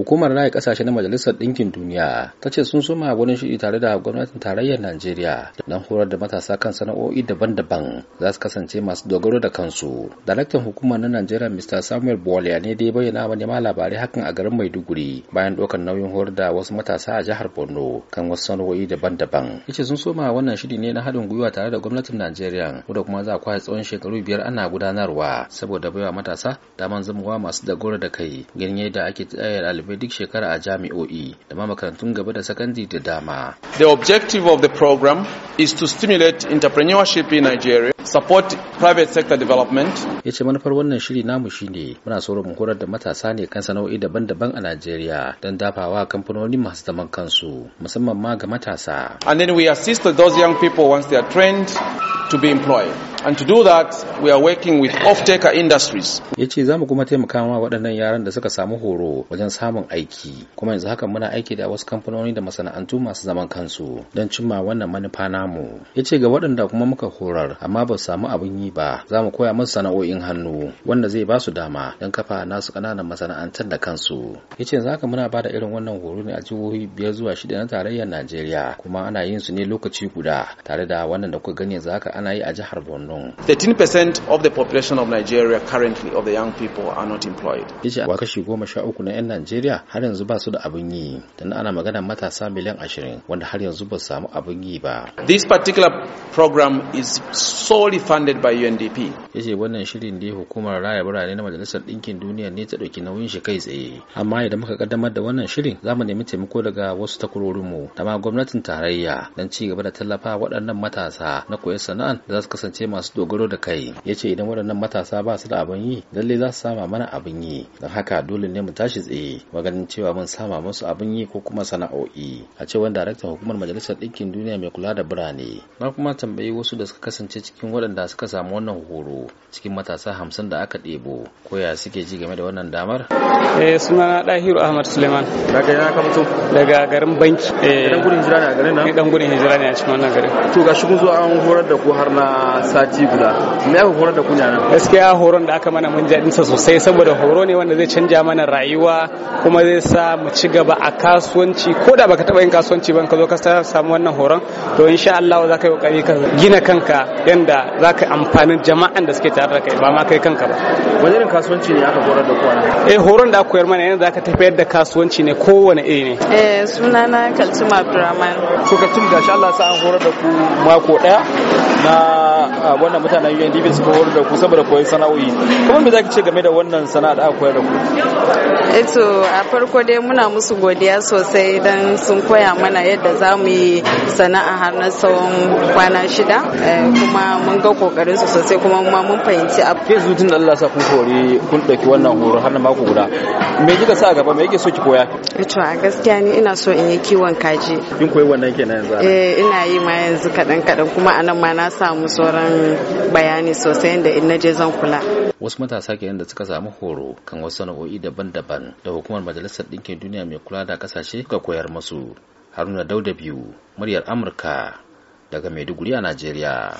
hukumar raya kasashe na majalisar ɗinkin duniya ta ce sun soma wani shiri tare da gwamnatin tarayyar najeriya don horar da matasa kan sana'o'i daban-daban za su kasance masu dogaro da kansu daraktan hukumar na najeriya mr samuel bolia ne da bayyana wa nema labarai hakan a garin maiduguri bayan ɗaukar nauyin horar da wasu matasa a jihar borno kan wasu sana'o'i daban-daban ya ce sun soma wannan shiri ne na haɗin gwiwa tare da gwamnatin najeriya wanda kuma za a kwashe tsawon shekaru biyar ana gudanarwa saboda baiwa matasa daman zama masu dogaro da kai ganin yadda ake tsayar ɗalibai duk shekara a jami'o'i da ma makarantun gaba da sakandare da dama. The objective of the program is to stimulate entrepreneurship in Nigeria support private sector development. Ya ce manufar wannan shiri namu shi ne muna so mu horar da matasa ne kan sana'o'i daban-daban a Najeriya don dafawa kamfanoni masu zaman kansu musamman ma ga matasa. And then we assist those young people once they are trained to be employed. And to do that, we are working with off-taker industries. Ya ce za mu kuma taimakawa waɗannan yaran da suka samu horo wajen samun aiki. Kuma yanzu haka muna aiki da wasu kamfanoni da masana'antu masu zaman kansu don cimma wannan manufa namu. Ya ce ga waɗanda kuma muka horar amma ba samu abin yi ba za mu koya musu sana'o'in hannu wanda zai ba su dama don kafa nasu ƙananan masana'antar da kansu ya ce za ka muna ba da irin wannan horo ne a jihohi biyar zuwa shida na tarayyar najeriya kuma ana yin su ne lokaci guda tare da wannan da kuka gani yanzu haka ana yi a jihar borno 13% of the population of nigeria currently of the young people are not employed ya ce kashi goma sha uku na 'yan najeriya har yanzu ba su da abin yi dan ana magana matasa miliyan ashirin wanda har yanzu ba su samu abin yi ba this particular program is so solely funded by UNDP. Ya ce wannan shirin da hukumar raya birane na Majalisar Ɗinkin Duniya ne ta ɗauki nauyin shi kai tsaye. Amma idan muka kaddamar da wannan shirin za mu nemi taimako daga wasu takwarorinmu da ma gwamnatin tarayya don ci gaba da tallafa waɗannan matasa na koyar sana'an da za su kasance masu dogaro da kai. Ya ce idan waɗannan matasa ba su da abin yi lalle za su sama mana abin yi don haka dole ne mu tashi tsaye maganin cewa mun sama musu abin yi ko kuma sana'o'i a cewar daraktan hukumar majalisar ɗinkin duniya mai kula da birane na kuma tambayi wasu da suka kasance cikin cikin waɗanda suka samu wannan horo cikin matasa hamsin da aka ɗebo koya suke ji game da wannan damar? Eh suna Dahiru Ahmad Suleiman. Daga yana ka mutum? Daga garin Banki. Eh dan gudun hijira ne a garin nan? Dan gudun hijira ne a cikin wannan garin. To ga shi kun zo an horar da ku har na sati guda. Me aka horar da ku ne nan? Gaskiya horon da aka mana mun ji sa sosai saboda horo ne wanda zai canja mana rayuwa kuma zai sa mu ci gaba a kasuwanci ko da baka taɓa yin kasuwanci ba ka zo ka samu wannan horon to insha Allah za ka yi kokari ka gina kanka yanda za ka amfanin jama'an da suke tare da kai ba ma kai kanka ba wani irin kasuwanci ne aka horar da kowa eh horon da aka koyar mana yanzu aka tafiyar da kasuwanci ne kowane iri ne eh na kaltuma abdurrahman so kaltum gashi Allah sa an horar da ku mako daya na wannan mutanen UNDP su horar da ku saboda koyon sana'o'i kuma me zaki ce game da wannan sana'a da aka koyar da ku eto eh, a farko dai muna musu godiya sosai dan sun koya mana yadda za mu yi sana'a har na tsawon kwana shida eh, kuma mun ga kokarin su sosai kuma mun fahimci abu ke zutun da Allah sa kun kore kun dauki wannan horo har na mako guda me kika sa gaba me kike so ki koya eto eh, a gaskiya ni ina so in yi kiwon kaji kin koyi wannan kenan yanzu eh ina yi ma yanzu kadan kadan kuma anan ma na samu so sauran bayani sosai da in naje zan kula wasu matasa ke da suka samu horo kan wasu sana'o'i daban-daban da hukumar majalisar ɗinkin duniya mai kula da ƙasashe ka koyar musu haruna dauda biyu muryar amurka daga maiduguri a najeriya